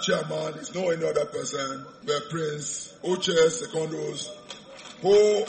chairman is no any other person but Prince Oche Secondos, who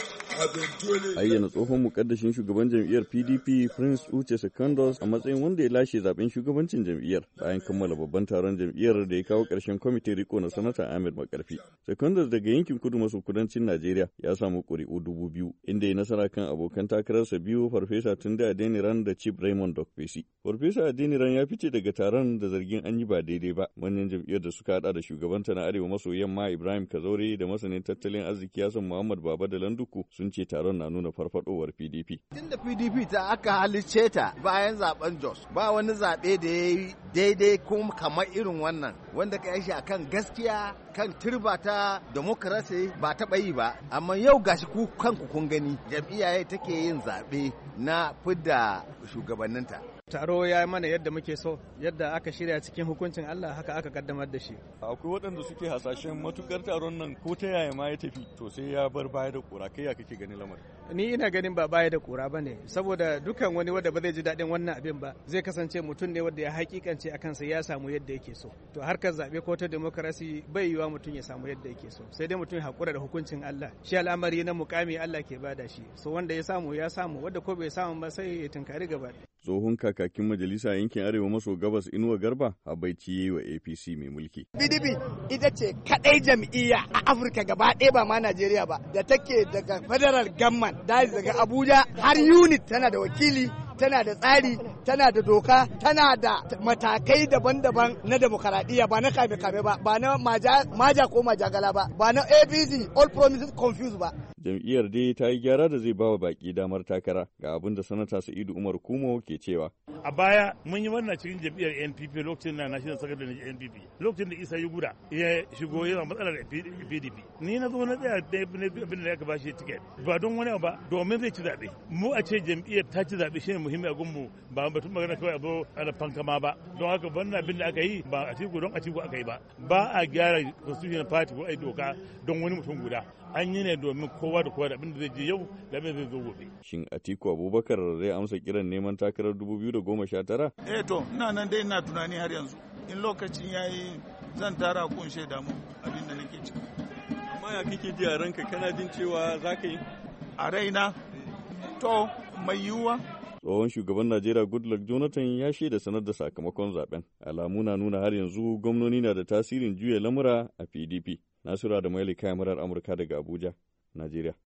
Ayyana tsohon mukaddashin shugaban jam'iyyar PDP Prince Uche Secondos a matsayin wanda ya lashe zaben shugabancin jam'iyyar bayan kammala babban taron jam'iyyar da ya kawo karshen kwamitin riko na sanata Ahmed Makarfi. Secondos daga yankin kudu maso kudancin Najeriya ya samu kuri'u dubu biyu inda ya nasara kan abokan takararsa biyu Farfesa Tunde Adeniran da Chief Raymond Dokpesi. Farfesa Adeniran ya fice daga taron da zargin an yi ba daidai ba manyan jam'iyyar da suka hada da shugabanta na Arewa maso yamma Ibrahim Kazaure da masanin tattalin arziki yasan Muhammad Baba da Landuku sun sun ce taron na nuna farfadowar PDP. tun da PDP ta aka halice ta bayan zaben Jos ba wani zaɓe da ya yi daidai kuma kamar irin wannan wanda ka yashi kan gaskiya kan turba ta demokarasi ba taɓa yi ba amma yau gashi ku kanku kun gani jam'iyya take yin zaɓe na fidda shugabanninta. taro ya mana yadda muke so yadda aka shirya cikin hukuncin Allah haka aka kaddamar da shi akwai waɗanda suke hasashen matukar taron nan ko ta yaya ma ya tafi to sai ya bar baya da kura kai ya kake gani lamar ni ina ganin ba baya da kura bane saboda dukan wani wanda ba zai ji daɗin wannan abin ba zai kasance mutum ne wanda ya hakikance akan sa ya samu yadda yake so to harkar zabe ko ta demokarasi bai yiwa mutum ya samu yadda yake so sai dai mutum ya hakura da hukuncin Allah shi al'amari na mukami Allah ke bada shi so wanda ya samu ya samu wanda ko bai samu ba sai ya tunkari gaba tsohon kakakin majalisa yankin arewa maso gabas inuwa garba a baiti yayi wa apc mai mulki pdp ita ce kadai jam'iyya a afirka gaba ɗaya ba ma najeriya ba da take daga federal gamman da daga abuja har unit tana da wakili tana da tsari tana da doka tana da matakai daban-daban na demokaradiyya ba na kame-kame ba ba na maja ko majagala ba ba na ABC, all promises confused ba jam'iyyar dai ta yi gyara da zai bawa baki damar takara ga abin da sanata sa'idu umar kumo ke cewa a baya mun yi wannan cikin jam'iyyar npp lokacin na national secretary na npp lokacin da isa yi guda ya shigo yana matsalar pdp ni na zo na tsaya abin da ya ba shi tiket ba don wani ba domin zai ci zaɓe mu a ce jam'iyyar ta ci zaɓe shi ne muhimmi a gunmu ba batun magana kawai abu a fankama ba don haka wannan abin da aka yi ba a ko don a ko aka yi ba ba a gyara constitutional party ko ai doka don wani mutum guda an yi ne domin kowa da kowa da abin da zai je yau da abin da zai zo gobe. Shin Atiku Abubakar zai amsa kiran neman takarar da 2019? Eh to, ina nan dai ina tunani har yanzu. In lokacin ya yi zan tara kun shaida mu abin da nake ciki. Amma ya kike ji a ranka kana jin cewa za ka yi? A raina? To, mai yiwuwa? tsohon shugaban najeriya goodluck jonathan ya shaida sanar da sakamakon zaben alamu na nuna har yanzu gwamnoni na da tasirin juya lamura a pdp Nasura da Maili kayan murar Amurka daga Abuja, Najeriya.